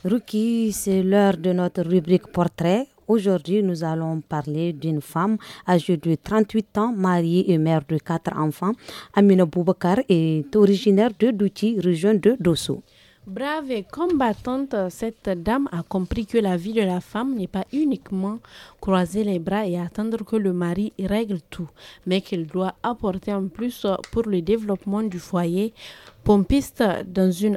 Rookie, c'est l'heure de notre rubrique portrait Aujourd'hui, nous allons parler d'une femme âgée de 38 ans, mariée et mère de quatre enfants. Amina Boubakar est originaire de Douti, région de Dosso. Brave et combattante, cette dame a compris que la vie de la femme n'est pas uniquement croiser les bras et attendre que le mari règle tout, mais qu'il doit apporter en plus pour le développement du foyer. Pompiste dans une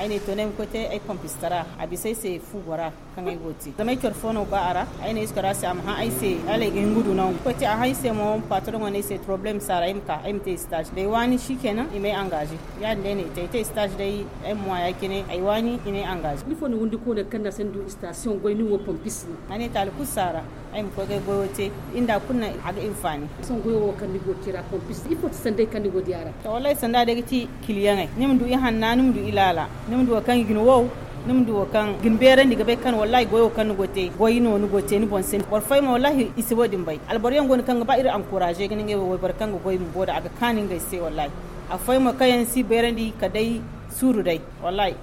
aine tonem kote ay pompistara abi sai se fugora kan ay goti zamai kerfono ba ara aine iskara se ha ay se ale gengudu non kote a hay se mo patron ne se problem sara im ka im te stage dai wani shikenan imai angaji ya ne ne te te stage dai ai mo ya kine ai wani ine angaji ni fo wundi ko da kanda sendu sandu station goyni wo pompisi ane tal sara ay mi koge goyote inda kunna aga infani son goyo kan digo kira kompis ipo sande kan digo diara to wallahi sanda daga ti kiliyan ai nim du ihan na nim du ilala nim du kan gin wow nim du kan gin bere ni gabe kan wallahi goyo kan nugo te goyi no nugo te ni bon sen war fay ma wallahi isibo dim bay albariyan gon kan ba ira encourager gin ngewe way bar kan goyi boda aga kanin gai se wallahi a fay ma kayan si bere ni kadai suru dai wallahi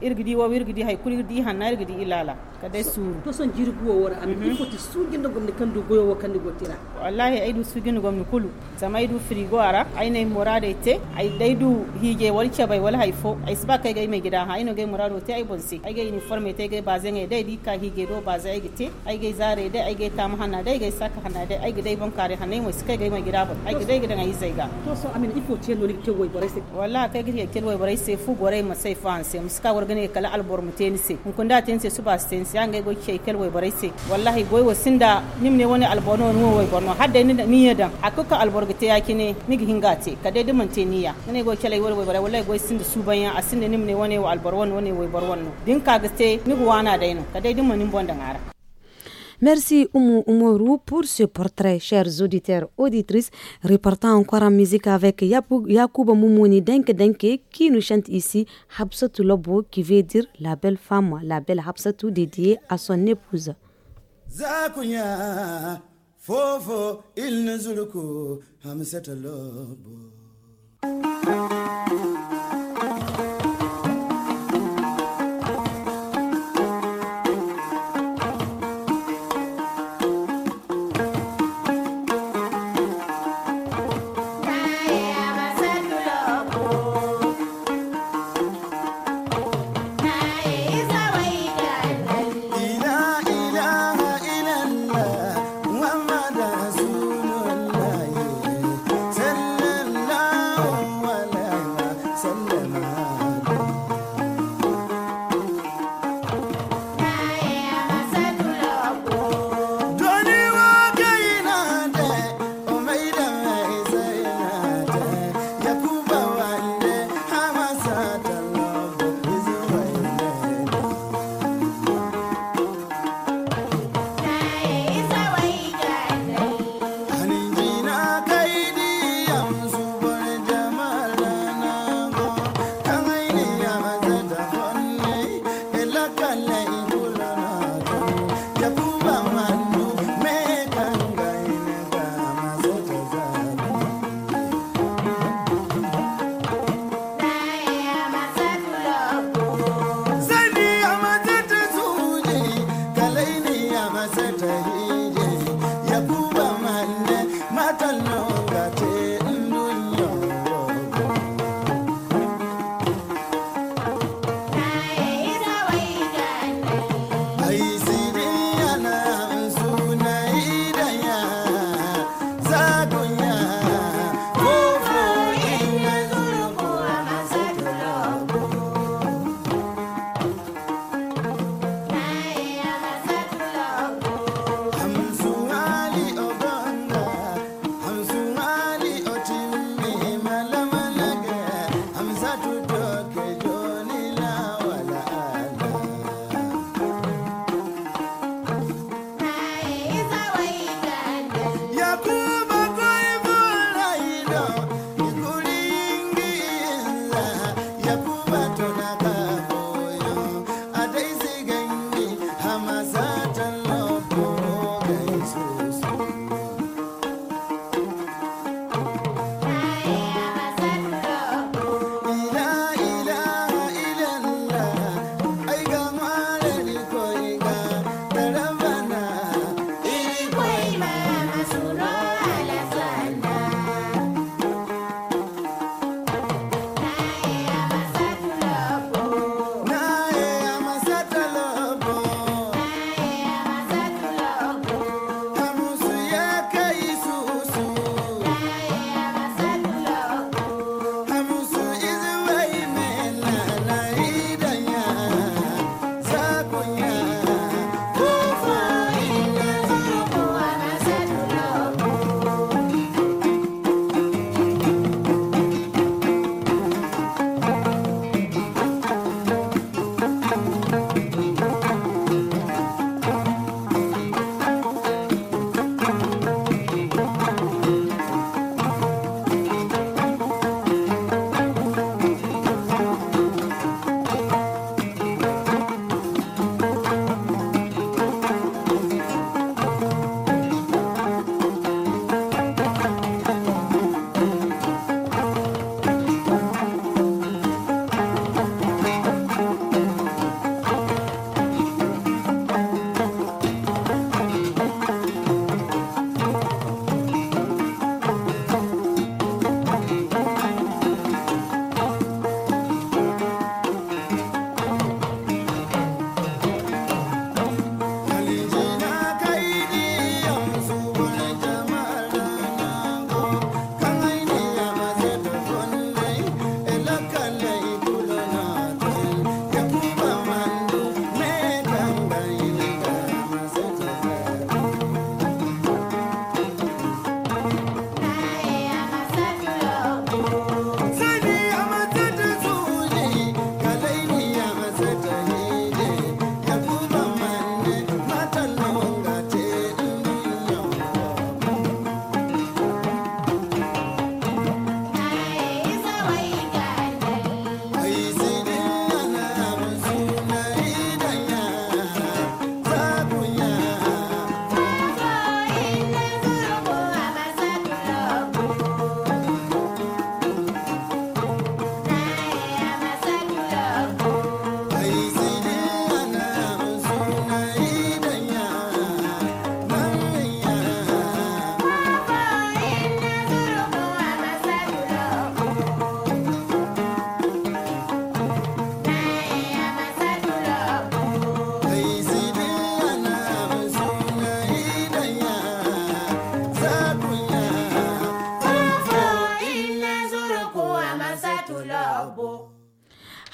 irgidi wa irgidi hay kul irgidi hanna irgidi ilala kada suru to son jirgu wo wora am il mhm. faut ti sugindo gomni kandu goyo wo kandi gotira wallahi aidu sugindo gomni kulu zama aidu frigo ara aina morade ite ai daidu hige wal chabai wal haifo ai sba kai gai mai ha aino gai morado te ai bonse ai gai uniforme te gai bazen ai daidi ka hige do bazen ai gite ai gai zare dai ai gai tam hanna dai gai saka hanna dai ai dai bon kare hanna mai skai gai mai gida ba ai dai gidan ai zaiga to so amin il faut ti no likte woi borai se wallahi kai gidan kelwoi borai se fu gorai masai fa an ka wargane kala albor se in kun da tense su ba tense an ga go ke kel wai bare se wallahi goy wo sinda nim ne wani alborno no wai borno hadde ni da niyya da akuka albor gite kine mi ni hinga te ka dai dumin te ya ne go kele wai wai bare wallahi goy sinda su ban ya asinda nim ne wani wa albor wani wani wai bor wani din ka gite ni go wana dai no ka dai dumin nim da ngara Merci Oumou Oumourou pour ce portrait, chers auditeurs, auditrices. reportant encore en musique avec Yacoub Moumouni Denke Denke qui nous chante ici Habsatou Lobo qui veut dire la belle femme, la belle Habsatou dédiée à son épouse. il ne Lobo.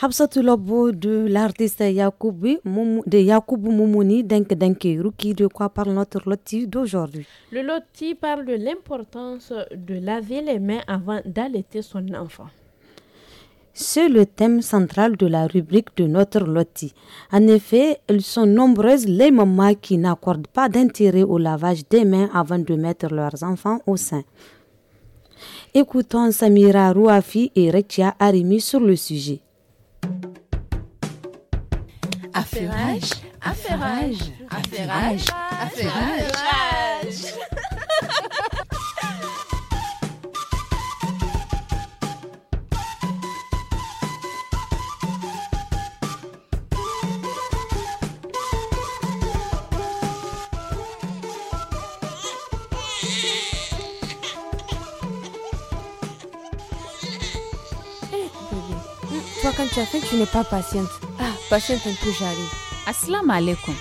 de l'artiste Yacoub, de Moumouni Denke Ruki, de quoi parle notre loti d'aujourd'hui Le loti parle de l'importance de laver les mains avant d'allaiter son enfant. C'est le thème central de la rubrique de notre loti. En effet, elles sont nombreuses les mamans qui n'accordent pas d'intérêt au lavage des mains avant de mettre leurs enfants au sein. Écoutons Samira Rouafi et Rechia Arimi sur le sujet. Affairage, affairage, affairage, affairage. Toi, quand tu as fait, tu n'es pas patiente. Ah, ne j'arrive. Aslam alaikum.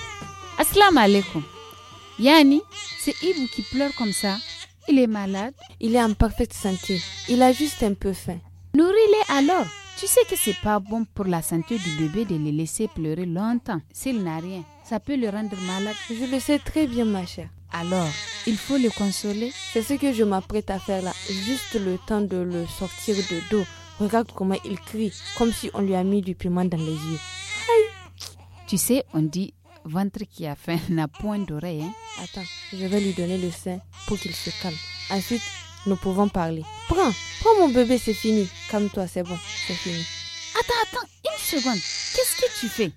Aslam alaikum. Yani, c'est Ibu qui pleure comme ça. Il est malade. Il est en parfaite santé. Il a juste un peu faim. Nourris-les alors. Tu sais que c'est pas bon pour la santé du bébé de le laisser pleurer longtemps s'il n'a rien. Ça peut le rendre malade. Je le sais très bien, ma chère. Alors, il faut le consoler. C'est ce que je m'apprête à faire là. Juste le temps de le sortir de dos Regarde comment il crie, comme si on lui a mis du piment dans les yeux. Tu sais, on dit ventre qui a faim n'a point d'oreille. Hein. Attends, je vais lui donner le sein pour qu'il se calme. Ensuite, nous pouvons parler. Prends, prends mon bébé, c'est fini. Calme-toi, c'est bon, c'est fini. Attends, attends, une seconde. Qu'est-ce que tu fais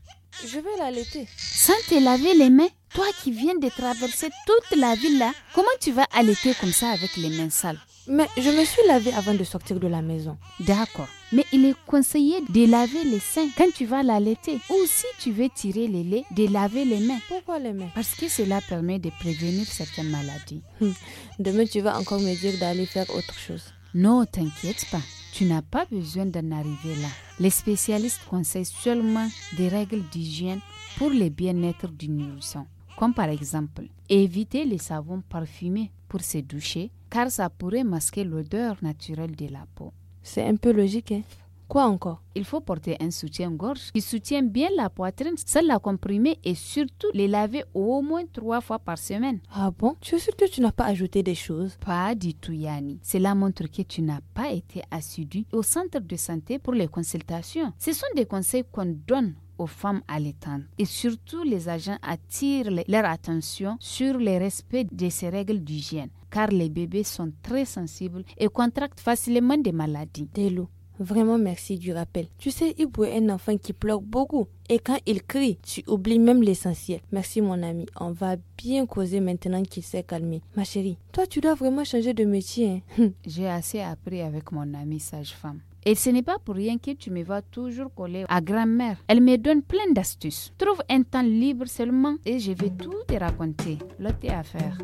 Je vais l'allaiter. Sans te laver les mains Toi qui viens de traverser toute la ville là, comment tu vas allaiter comme ça avec les mains sales mais je me suis lavée avant de sortir de la maison. D'accord. Mais il est conseillé de laver les seins quand tu vas l'allaiter. Ou si tu veux tirer les laits, de laver les mains. Pourquoi les mains Parce que cela permet de prévenir certaines maladies. Hmm. Demain, tu vas encore me dire d'aller faire autre chose. Non, t'inquiète pas. Tu n'as pas besoin d'en arriver là. Les spécialistes conseillent seulement des règles d'hygiène pour le bien-être du nourrisson. Comme par exemple, éviter les savons parfumés pour se doucher car ça pourrait masquer l'odeur naturelle de la peau. C'est un peu logique. Hein? Quoi encore Il faut porter un soutien-gorge qui soutient bien la poitrine, sans la comprimer et surtout les laver au moins trois fois par semaine. Ah bon Tu es sûr que tu n'as pas ajouté des choses Pas du tout, Yanni. Cela montre que tu n'as pas été assidu au centre de santé pour les consultations. Ce sont des conseils qu'on donne aux femmes allaitantes. Et surtout, les agents attirent leur attention sur le respect de ces règles d'hygiène, car les bébés sont très sensibles et contractent facilement des maladies. Délo, vraiment merci du rappel. Tu sais, il est un enfant qui pleure beaucoup et quand il crie, tu oublies même l'essentiel. Merci mon ami, on va bien causer maintenant qu'il s'est calmé. Ma chérie, toi tu dois vraiment changer de métier. Hein. J'ai assez appris avec mon ami, sage-femme. Et ce n'est pas pour rien que tu me vois toujours coller à grand-mère. Elle me donne plein d'astuces. Trouve un temps libre seulement et je vais tout te raconter. L'autre est à faire.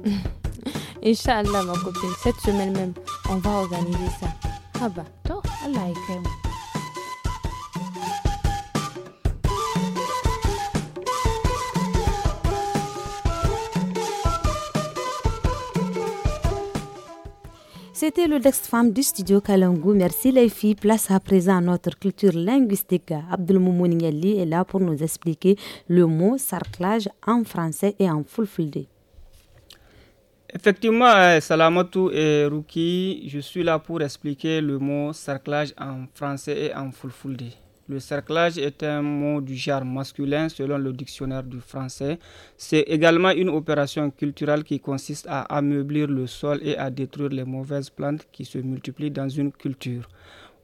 Inch'Allah, ma copine, cette semaine même, on va organiser ça. Ah bah, toi, Allah est C'était le texte Femme du studio Kalangu. Merci les filles. Place à présent à notre culture linguistique. Abdul Moumouni est là pour nous expliquer le mot sarclage en français et en fulfulde. Effectivement, euh, salamatu et Ruki, je suis là pour expliquer le mot sarclage en français et en fulfulde. Le cerclage est un mot du genre masculin selon le dictionnaire du français. C'est également une opération culturelle qui consiste à ameublir le sol et à détruire les mauvaises plantes qui se multiplient dans une culture.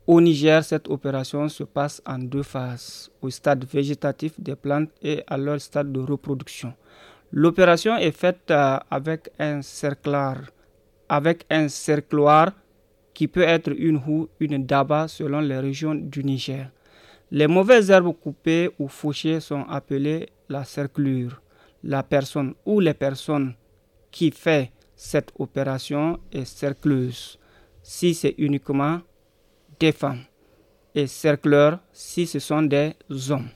Au Niger, cette opération se passe en deux phases, au stade végétatif des plantes et à leur stade de reproduction. L'opération est faite euh, avec un avec un cercloir qui peut être une houe, une daba selon les régions du Niger. Les mauvaises herbes coupées ou fauchées sont appelées la cerclure. La personne ou les personnes qui fait cette opération est cercleuse si c'est uniquement des femmes et cercleur si ce sont des hommes.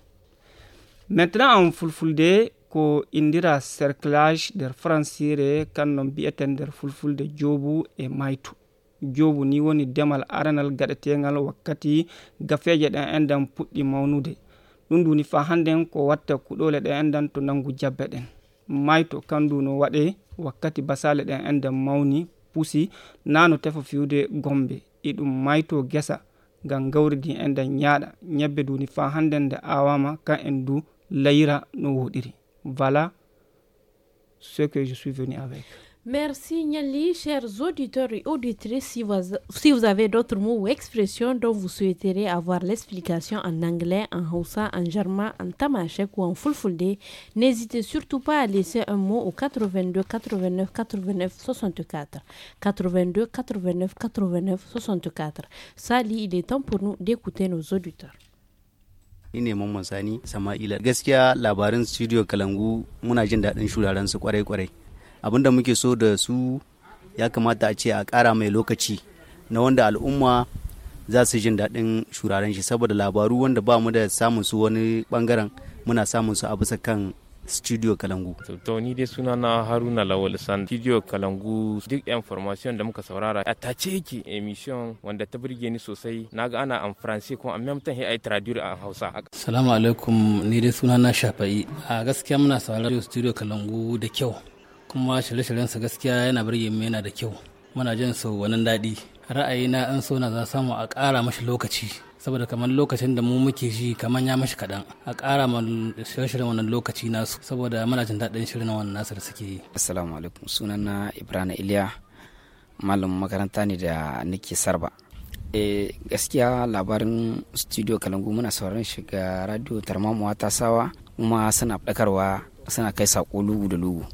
Maintenant en fulfulde ko indira cerclage de francire et de nder de jobu et maytu joobu ni woni demal aranal gaɗetegal wakkati gafeje ɗen enɗen puɗɗi mawnude ɗum nduni fa hannden ko watta kuɗole ɗen enɗen to nangu jabbe ɗen mayto kandu no waɗe wakkati basale ɗen enɗen mawni pusi nano tefa fiwde gombe iɗum mayto gesa ngam gawri ndi enɗen ñaaɗa ñebbe duni fa hannden nde awama kan en du layira no woɗiri voilà ce que je suis venu avec Merci Nyali, chers auditeurs et auditrices. Si vous, avez d'autres mots ou expressions dont vous souhaiterez avoir l'explication en anglais, en haussa, en germain, en tamashek ou en fulfulde, n'hésitez surtout pas à laisser un mot au 82 89 89 64. 82 89 89 64. Sali, il est temps pour nous d'écouter nos auditeurs. ine Mamman Sama'ila. Gaskiya labarin studio Kalangu muna jin daɗin kwarai-kwarai. abin da muke so da su ya kamata a ce a ƙara mai lokaci na wanda al'umma za su jin daɗin shuraren shi saboda labaru wanda ba mu da samun su wani bangaren muna samun su a bisa kan studio kalangu to ni dai suna na haruna lawal san studio kalangu duk information da muka saurara a tace yake emission wanda ta burge ni sosai naga ana an france ko amma mutan he ai traduire a hausa assalamu alaikum ni dai suna na shafa'i a gaskiya muna saurara studio kalangu da kyau kuma shirye-shiryen gaskiya yana birge mu yana da kyau muna jin su wannan daɗi ra'ayina an so na za samu a ƙara mashi lokaci saboda kamar lokacin da mu muke ji kamar ya mashi kaɗan a ƙara ma shirye-shiryen wannan lokaci nasu saboda muna jin daɗin shirin wannan nasu da suke yi assalamu alaikum na ibrahim iliya malam makaranta ne da nake sarba e gaskiya labarin studio kalangu muna sauran shiga radio tarmamuwa ta sawa kuma suna ɗakarwa suna kai saƙo lugu da lugu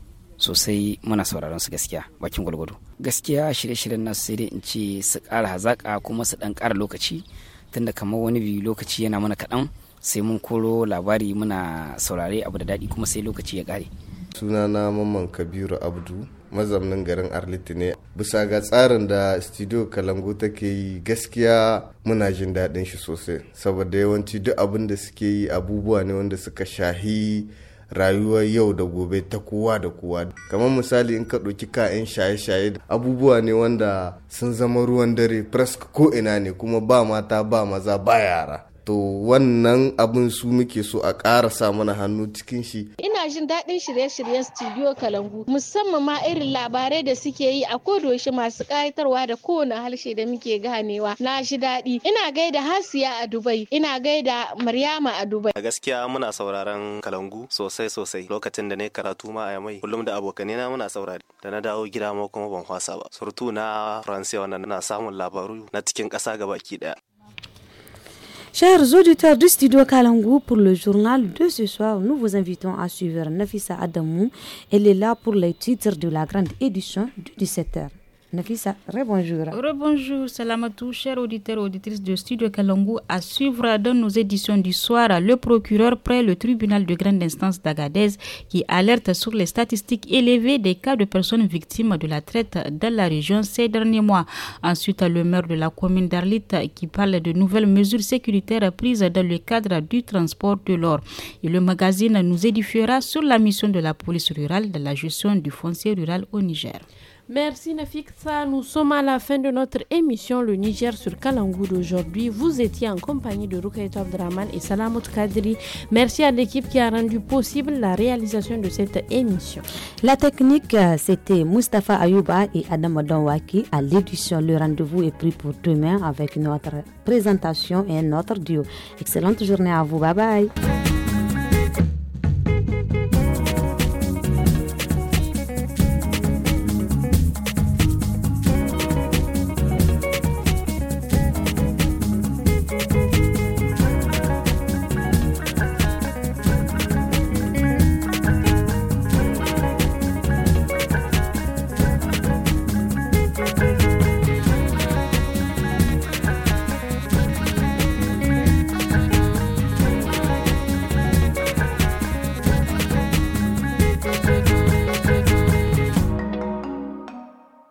sosai muna sauraron su gaskiya bakin gwalgwado gaskiya shirye-shiryen na sai dai in ce su ƙara hazaƙa kuma su ɗan ƙara lokaci tunda kamar wani biyu lokaci yana mana kaɗan sai mun koro labari muna saurare abu da daɗi kuma sai lokaci ya ƙare sunana mamman kabiru abdu mazaunin garin arliti ne bisa ga tsarin da studio kalangu take yi gaskiya muna jin daɗin shi sosai saboda yawanci duk abin da suke yi abubuwa ne wanda suka shahi rayuwar yau da gobe ta kowa da kowa kamar misali in ka ɗauki kayan shaye-shaye abubuwa ne wanda sun zama ruwan dare presk ko ina ne kuma ba mata ba maza ba yara to wannan abin su muke so a ƙarasa mana hannu cikin shi ina jin daɗin shirye-shiryen studio kalangu musamman ma irin labarai da suke yi a kodoshi masu ƙayatarwa da kowane harshe da muke ganewa na ji daɗi ina gaida hasiya a dubai ina gaida maryama a dubai a gaskiya muna sauraron kalangu sosai sosai lokacin da na karatu ma a mai kullum da abokanai na muna saurari da na dawo gida ma kuma ban kwasa ba surtu na France wannan na samun labaru na cikin ƙasa gabaki ɗaya Chers auditeurs du studio Kalangou pour le journal de ce soir, nous vous invitons à suivre Nafisa Adamou. Elle est là pour les titres de la grande édition du 17h. Nafisa, rebonjour. Rebonjour, tous, chers auditeurs et auditrices de Studio Kalangou. À suivre dans nos éditions du soir, le procureur près le tribunal de grande instance d'Agadez qui alerte sur les statistiques élevées des cas de personnes victimes de la traite dans la région ces derniers mois. Ensuite, le maire de la commune d'Arlit qui parle de nouvelles mesures sécuritaires prises dans le cadre du transport de l'or. Et le magazine nous édifiera sur la mission de la police rurale de la gestion du foncier rural au Niger. Merci Nafiksa, nous sommes à la fin de notre émission Le Niger sur Kalangou d'aujourd'hui. Vous étiez en compagnie de Rukaito draman et Salamot Kadri. Merci à l'équipe qui a rendu possible la réalisation de cette émission. La technique, euh, c'était Mustafa Ayouba et Adam Odonwaki à l'édition. Le rendez-vous est pris pour demain avec notre présentation et notre duo. Excellente journée à vous. Bye bye.